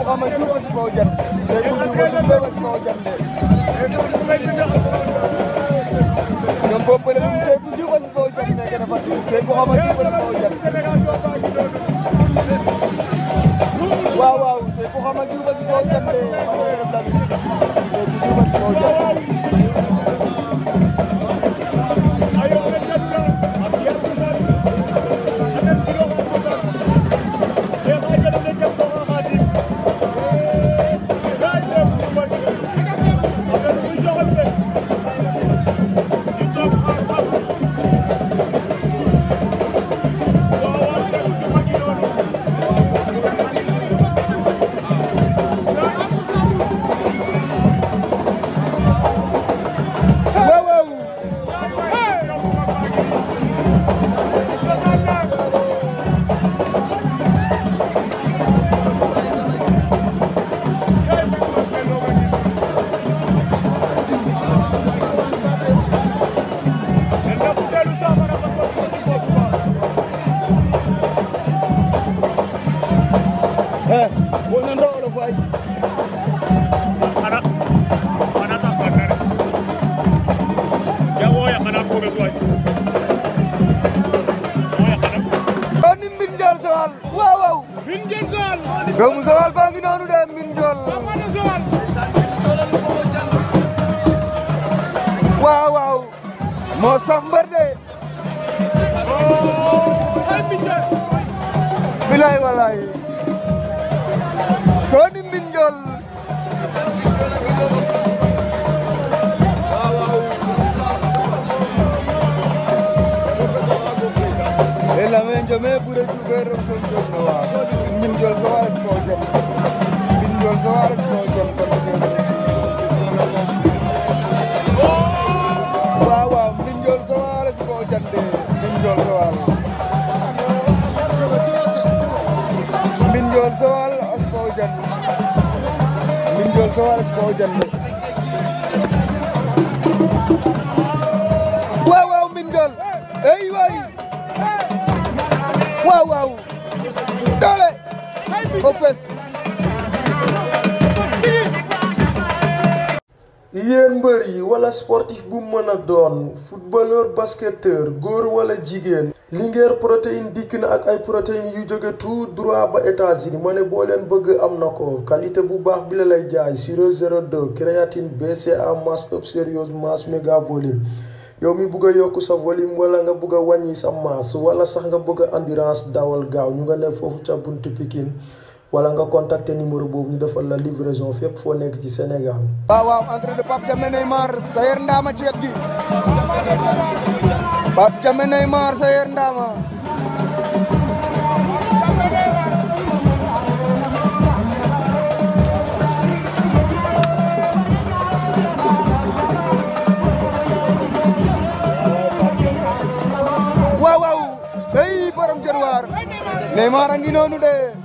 Mouhamed Diouf a si kaw jant Seydou Diouf a si kaw a si kaw jant ñoom foofu bële ñoom Seydou Diouf a si kaw jant nekk na Fatou Seydou Mouhamed Diouf a si kaw jant waaw waaw Seydou Mouhamed Diouf a si kaw jant Seydou Diouf a si kaw jant Boy Nando Ada Faye xanaa xanaa tax ba dara yaa woo yàq naa ko gis waay woo yàq na o ni mbin njool sowal waaw waaw mbin njool sowal doomu sowal baa ngi noonu de mbin njool waaw waaw moo saf mbër de bilaay walaay lamen jome ɓuura juuɓeerom som jolnowa min jol so waras ko jom min jol so waras ko jom wawa min jol so waras ko jande min jol so wal min jol so wal as ko jande min jol so waras ko jande ba mbër yi wala sportif bu mën a doon footballeur basketteur góor wala jigéen Linguère protéine dikk na ak ay protéines yu jóge tout droit ba États-Unis ma boo leen bëgg am na ko qualité bu baax bi la lay jaay sirop 02 créatine BCA masse up sérieuse masse méga yow mi bugg a yokk sa volume wala nga bugg a wàññi sa masse wala sax nga bëgg a endurance dawal gaaw ñu nga ne foofu ca buntu Pikine wala nga contacter numéro boobu ñu defal la livraison fépp foo nekk ci Sénégal. waaw waaw entrée de Pape Diame Neymar Sayer Ndama ci wet waaw waaw. hey borom Dionewar. Neymar a ngi noonu de.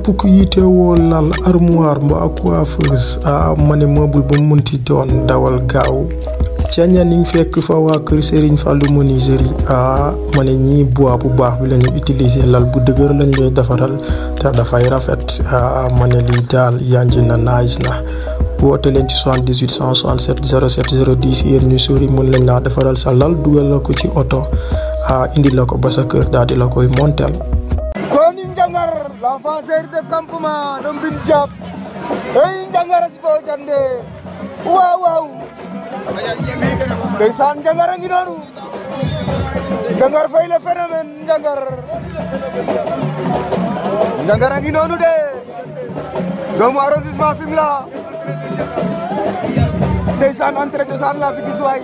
képp ku woo lal armoire mba ak coiffeuse ah ma ne meuble ba mun munti doon dawal gaaw ca ñaniñ fekk fa waa kër Serigne Fallou menuiserie ah ma ne ñii bois bu baax bi la ñu utiliser lal bu dëgër lañ lay defaral te dafay rafet ah ma ne lii daal yanji na nice na. woote leen ci 78 167 07 010 yéen ñu sori mën lañ laa defaral sa lal dugal la ko ci oto ah indi la ko ba sa kër daal di la koy montel avancer de campement ɗon mbin diab eyi jangara sibo jande waw waw ndeysan jangara ngi noonu fenomen fay le phénomène jangar jangara ngi de doomu arrondissement fim la ndeysan antre cosaan la fi gis waay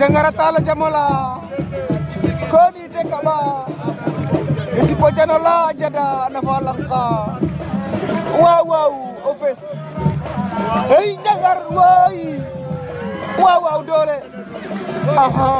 jangara tala jamola koni te kama isipochano la jada anafalaka wawaw ofes ei njagar way wawaw doole aha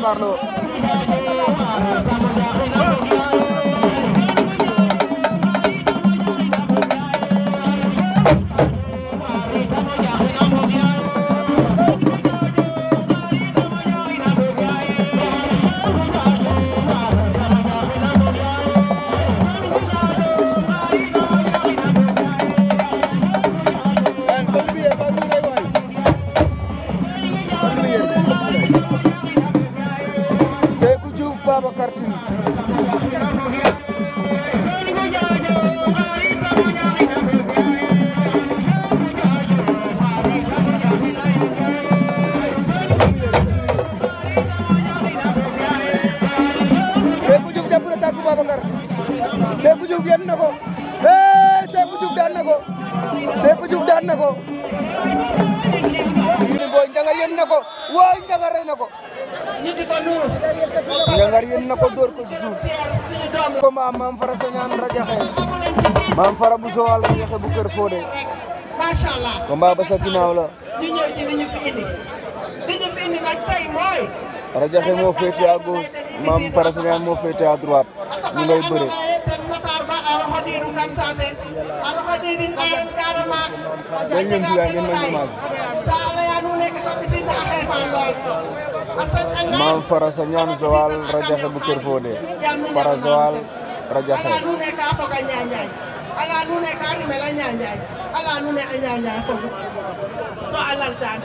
Carlos ko mba maam fara sañaan rajaxe maam fara bu sowal rajaxe bu kër Fodé machallah ko mba sañaan moo féete à ñu ngay bëre maam fara sa ñaan raja rajaxe bu Kër Fodé fara Joal rajaxe ala nu ne ka foga ñañaay ala nu ne ka rimela ñañaay ala nu ne a ñañaay fogu Ko a laltaan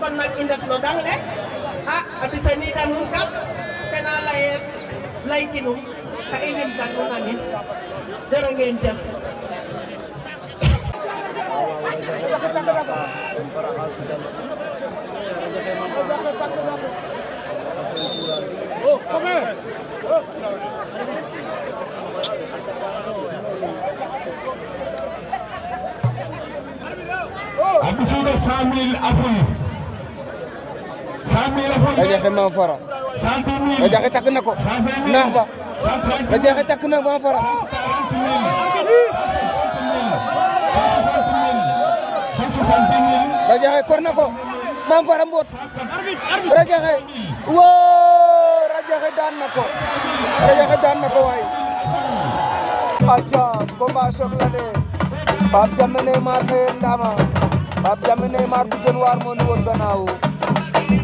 kon nak i ndet no dang le a a bisaniida nuun kam kena laye laykinum ka i rimtan nu nanin jërë ngeen jëf Thank you. cent mille Fara. cent takk na ko. naax ba. da takk na maam Fara. da kor na ko. maam Fara mboot. da woo da daan na ko. da daan na ko waay. acca combat choc la de. Pape Diamé ne Marseille Ndama. Pape Diame Neymar bu jën waar moo ñu woon gannaaw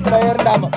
Tailleur Ndama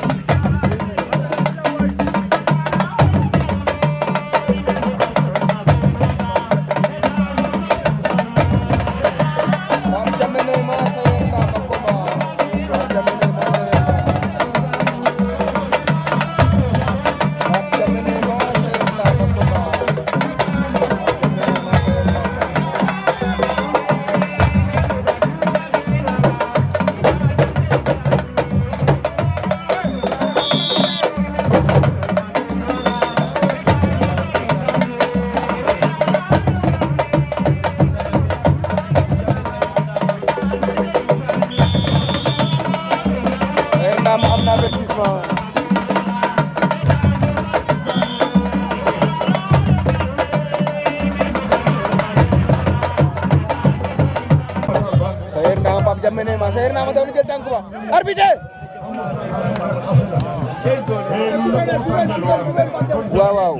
waaw naa ma daw na jël tànk ba arbitre waaw waaw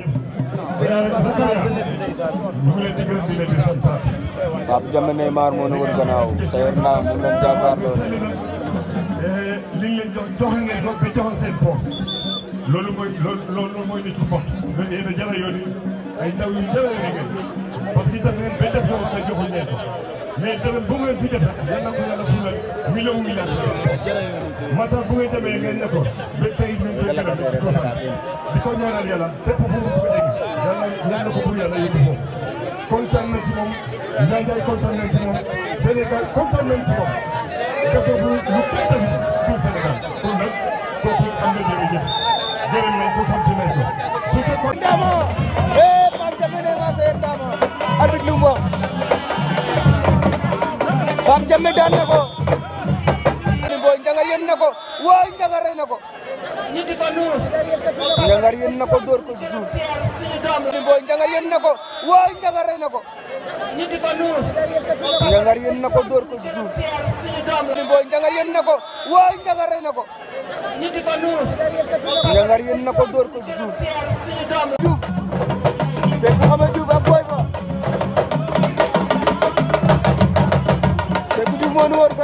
a jara yooni ay million wi laaj moo tax bu ngeen demee ngeen ne ko ba tey ñun dañu gën a di ko ñaanal yàlla fépp fu mu ko dégg yàlla ñaan ko pour yàlla yóbbu ko kontaan nañ ci moom Ndiaye kontaan nañ ci moom Sénégal kontaan nañ ci moom dafa lu lu tëj pour Sénégal pour nag kooku am na jërëjëf jërëm nañ ko sant nañ ko su fekkoon. Dama eh Pape Diakhoune maa seer Dama. Habib Lumbo Pape Diakhoune daan na ko. njangar yéen na ko waaye njangar rey na ko. ñu di ko nuur. njangar yéen na ko dóor ko ci suuf. booy njangar yéen na ko waaye njangar rey na ko. ñu di ko nuur. njangar yéen na ko dóor ko ci suuf. booy njangar yéen na ko waaye njangar rey na ko. ñu di ko nuur. njangar yéen na ko dóor ko ci suuf. Diouf c'est Mouhamed Diouf ak Boy Ba. c'est Diouf moo nu wër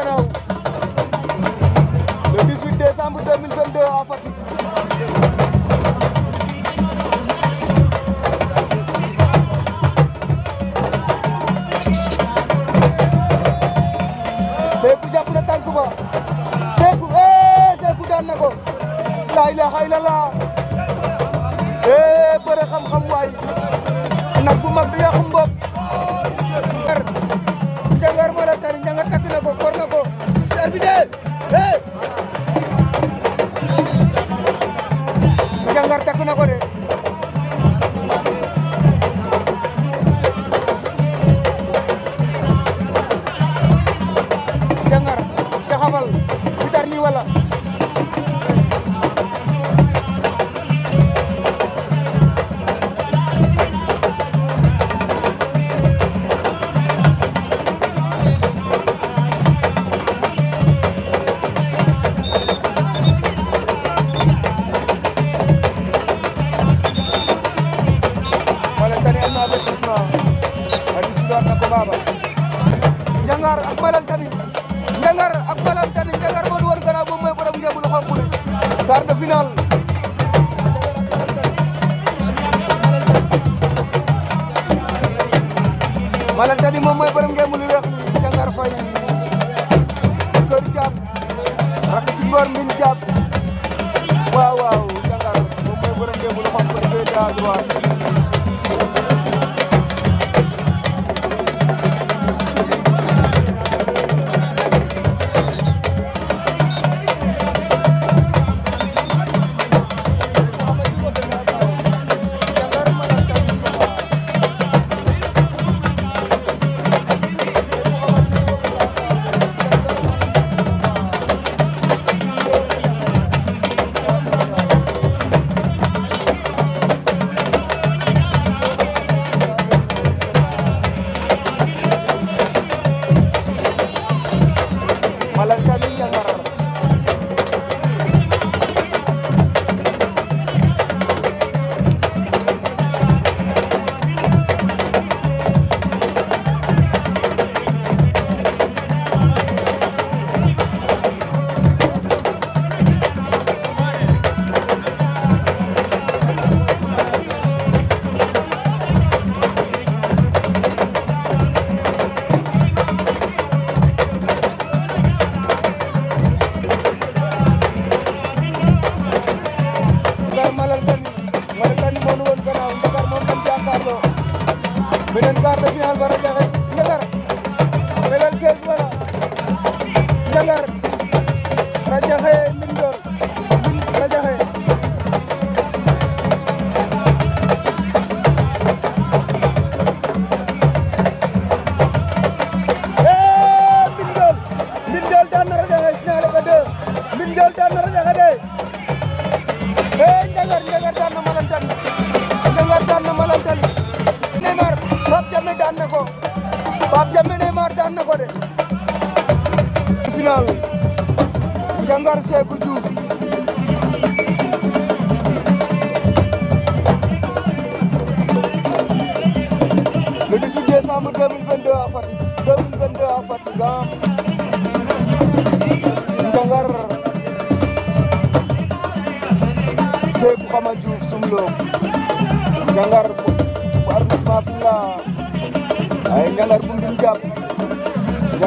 ¡Vamos!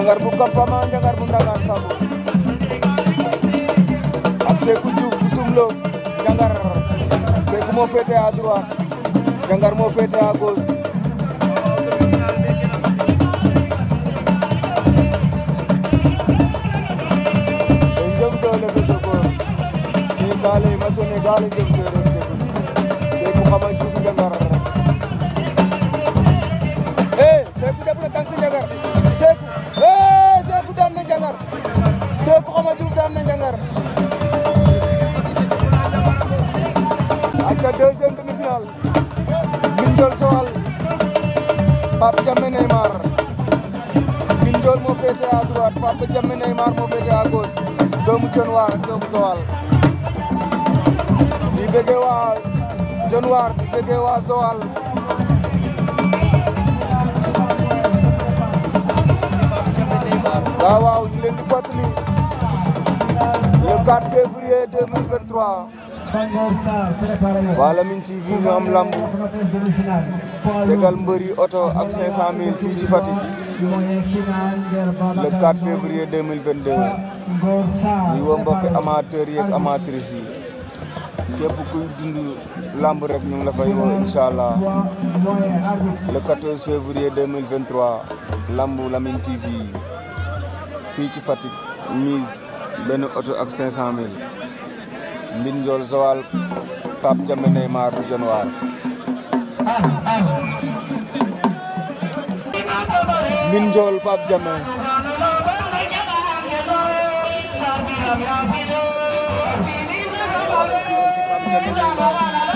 Njangar bu Kampama Njangar bu Ndangaan Samb ak Seeku Diouf bu Sumlo Njangar Seeku moo féete à droite Njangar moo féete à gauche Sénégal jëm séeréer Seeku xama Diouf John War ak di bëggee waa John di bëggee waa Joal waaw waaw ñu leen di le 4 février 2023 Lamyn TV ñu am lamb tegal mbëri oto ak fii ci Fatick le 4 février di woo mbokk amateurs yi ak amatrices yi képp lamb rek ñu la fay woo incha allah le 14 février 2023 lamb Lamyn TV fii ci Fatick mise benn oto ak 500000 Mbin Ndiol Zawal Pape Diame Neymar Dionewar. Mbin Ndiol Pape I'm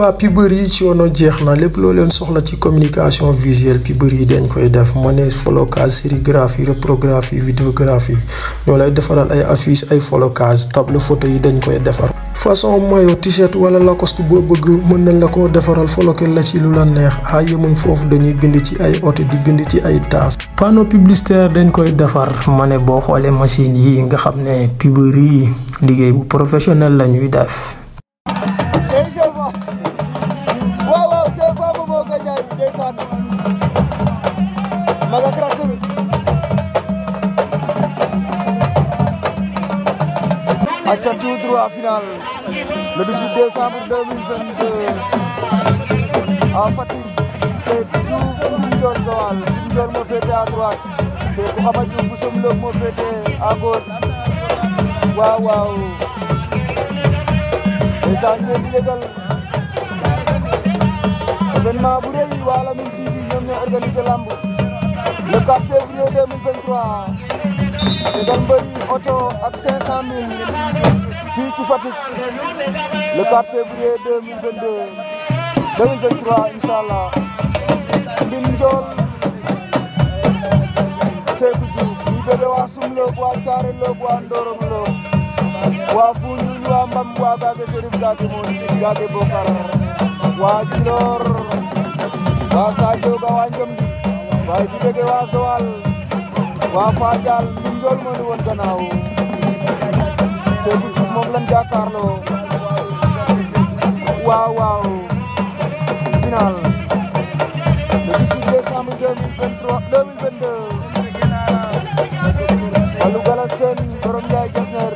waa pubër yi ci wono jeex na lépp loo soxla ci communication visuelle pubër yi dañ koy def ne monnaie flocage sérigraphie reprographie vidéographie ñoo lay defaral ay affiche ay flocage table photo yi dañ koy defar façon maillot t-shirt wala Lacoste boo bëgg mën nañ la koo defaral foloke la ci lu la neex a yemuñ foofu dañuy bind ci ay oto di bind ci ay taas panneau publicitaire dañ koy defar ma ne boo xoolee machine yi nga xam ne pubër yi liggéey bu professionnel la ñuy def combat final le 18 décembre 2022 à Fatick c'est tout Sowal Ngoor moo féete à droite c'est Mouhamed Diouf Boussoum Lo moo féete à gauche waaw waaw dèjà ñu leen di yëgal événement bu rëy waa Lamyn ñoom ñoo organisé lamb le 4 février 2023 oto ak 500000. fii ci le 4 février 2022 2023 Inshallah. allah c'est pour Seydou Diouf ñuy bëgg waa Soum Loob waa Thiaré Loob waa Ndorong Loob waa Foundiougne waa Mbam waa Gaage Serif Gaage Moon Gaage Bokar waa Djilor waa Sadio Ga waa Njomdi waaye di bëgg waa Sowal waa Fadial Mbine Ndiol moo Aziz moom lan jàkkaarloo final le 18 décembre 2023 2022 Fallou Gala borom Jasner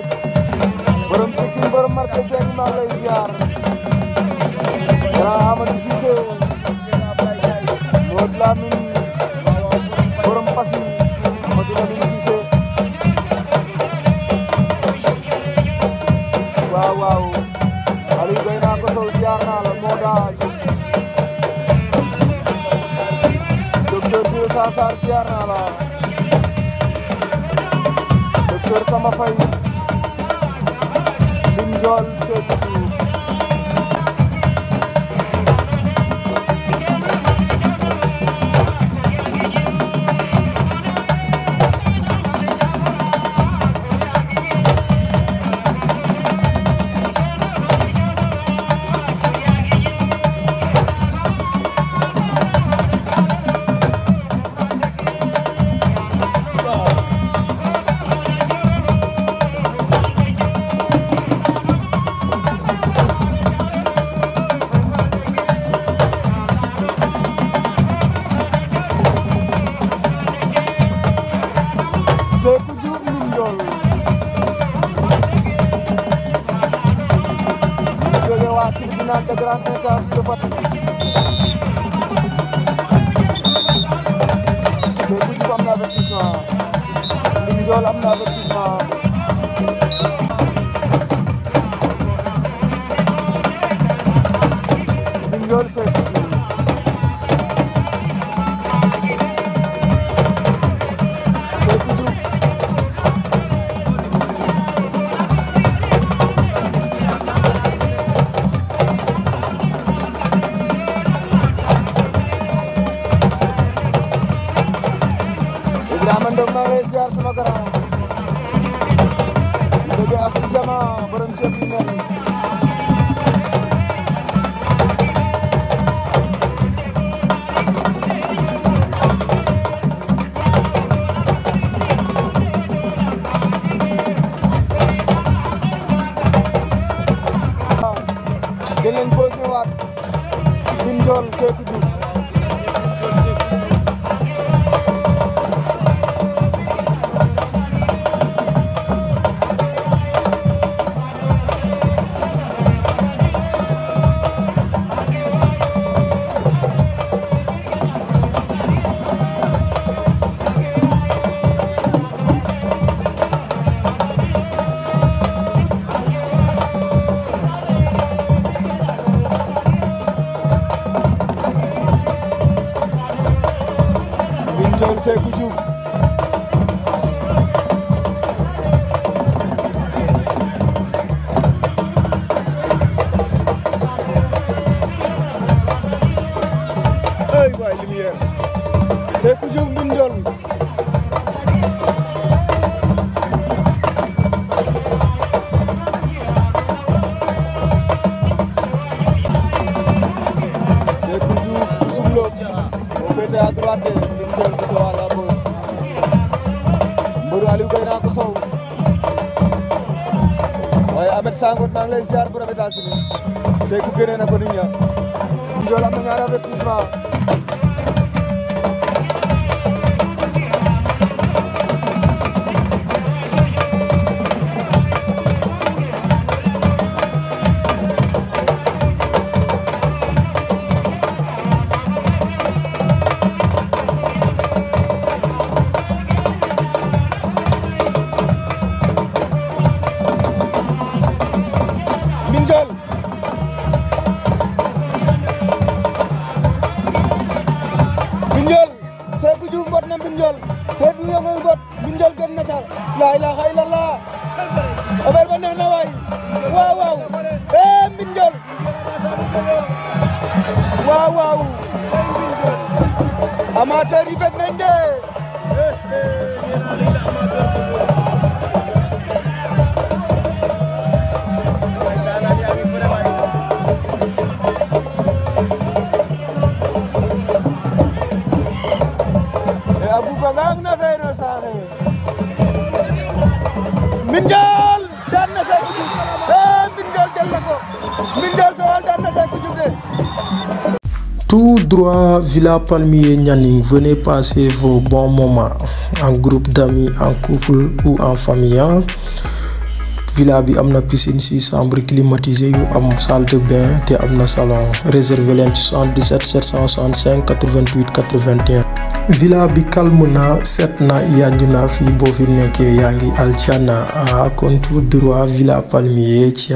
borom Pikine borom marché Sène Malaysia. Ya ziar yaa Amadou Cissé Modou borom Passy Modou docteur Biro Sassar siyaar naa la docteur Sama Faye Lim Ndiol Seydou grande instance de Fatick Sangoot maa ngi lay ziar bu rafet laa si nii Seydou génnee na ko nit ña ah. Ndiol am na ñaari avertissement Villa Palmier Nyaning, venez passer vos bons moments en groupe d'amis, en couple ou en famille. Hein. villa bi amna piscine ci chambres climatisées, yu am salle de bain te amna salon réservé leen au 77 765 88 81. villa bi calme na 7 na yangi na fi alciana à contour droit villa palmier ci